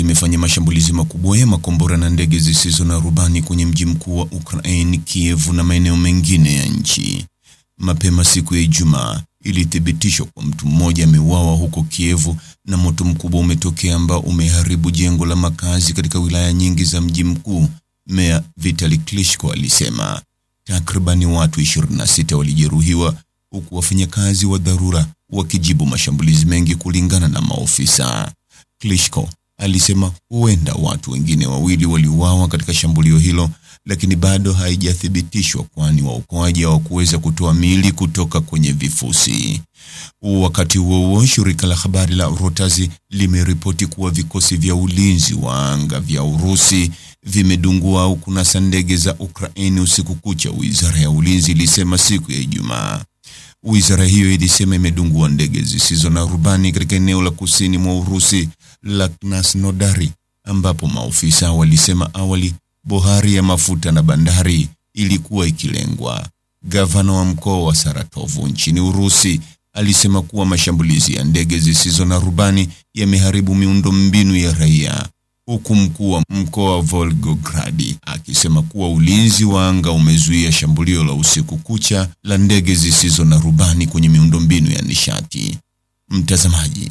Urusi imefanya mashambulizi makubwa ya makombora na ndege zisizo na rubani kwenye mji mkuu wa Ukraine, Kiev na maeneo mengine ya nchi. Mapema siku ya Ijumaa, ilithibitishwa kwa mtu mmoja ameuawa huko Kiev na moto mkubwa umetokea ambao umeharibu jengo la makazi katika wilaya nyingi za mji mkuu, Meya Vitali Klitschko alisema. Takribani watu 26 walijeruhiwa huku wafanyakazi wa dharura wakijibu mashambulizi mengi kulingana na maofisa. Klitschko alisema huenda watu wengine wawili waliuawa katika shambulio hilo, lakini bado haijathibitishwa, kwani waokoaji hawakuweza kutoa mili kutoka kwenye vifusi. Wakati huo huo, shirika la habari la Reuters limeripoti kuwa vikosi vya ulinzi wa anga vya Urusi vimedungua au kunasa ndege za Ukraini usiku kucha, wizara ya ulinzi ilisema siku ya Ijumaa. Wizara hiyo ilisema imedungua ndege zisizo na rubani katika eneo la kusini mwa Urusi la Nodari, ambapo maofisa walisema awali bohari ya mafuta na bandari ilikuwa ikilengwa. Gavana wa mkoa wa Saratovu nchini Urusi alisema kuwa mashambulizi ya ndege zisizo na rubani yameharibu mbinu ya raia, huku mkuu wa mkoa wa Volgograd akisema kuwa ulinzi wa anga umezuia shambulio la usiku kucha la ndege zisizo na rubani kwenye mbinu ya nishati. Mtazamaji,